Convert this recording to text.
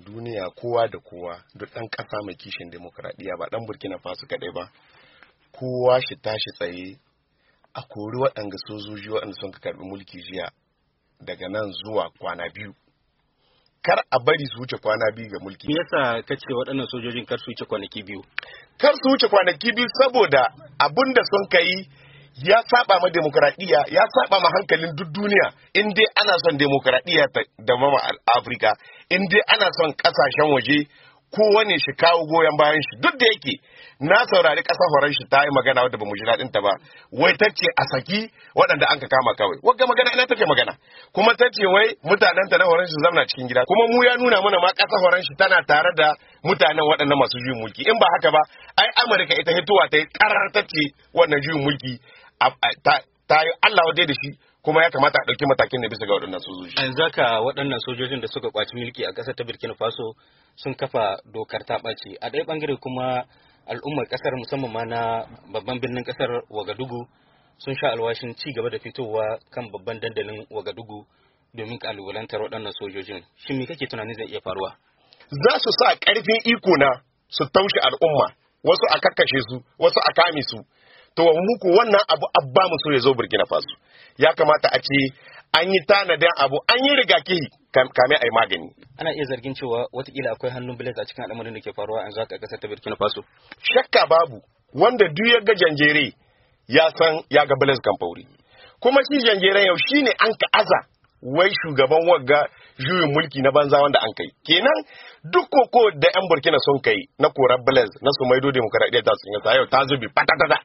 duniya kowa da kowa duk ɗan ƙasa mai kishin demokradiyya ba ɗan burkina faso kaɗai ba kowa shi tashi tsaye a kori waɗanda sojoji waɗanda sun karɓi mulki jiya daga nan zuwa kwana biyu kar a bari su wuce kwana biyu ga mulki me yasa ka ce waɗannan sojojin kar su wuce kwanaki biyu kar su wuce kwanaki biyu saboda abin da sun kai ya saba ma demokradiyya ya saba ma hankalin duk duniya in dai ana son demokradiyya ta dama mama Afirka in dai ana son kasashen waje wani shi kawo goyon bayan shi duk da yake na saurari ƙasa horon shi ta yi magana wadda ba mu ji daɗin ta ba wai ta ce a saki waɗanda an ka kama kawai wagga magana ina ta take magana kuma ta ce wai mutanen ta na horon shi zamna cikin gida kuma mu ya nuna mana ma ƙasa horon shi tana tare da mutanen waɗannan masu juyin mulki in ba haka ba ai amurka ita hituwa ta yi ƙarar ta ce wannan juyin mulki ta yi allah wadai da shi kuma ya kamata a ɗauki matakin da bisa ga waɗannan sojoji. An yanzu waɗannan sojojin da suka kwaci mulki a ƙasar ta Burkina Faso sun kafa dokar ta ɓaci. A ɗaya bangare kuma al'ummar ƙasar musamman ma na babban birnin ƙasar Wagadugu sun sha alwashin ci gaba da fitowa kan babban dandalin Wagadugu domin kalubalantar waɗannan sojojin. Shin me kake tunanin zai iya faruwa? Za su sa ƙarfin iko na su taushe al'umma, wasu a kakkashe su, wasu a kame su. to muku wannan abu abba mu so ya zo burkina faso ya kamata a ce an yi tanadin abu an yi rigaki kame a yi magani ana iya zargin cewa watakila akwai hannun bilis a cikin al'amarin da ke faruwa yanzu a kasar ta burkina faso shakka babu wanda duk ya ga janjere ya san ya ga bilis kamfauri kuma shi janjeren yau shine an ka aza wai shugaban wagga juyin mulki na banza wanda an kai kenan duk koko da yan burkina sun kai na korar blaise na su maido demokaradiyyar ta sun yau ta zubi patatata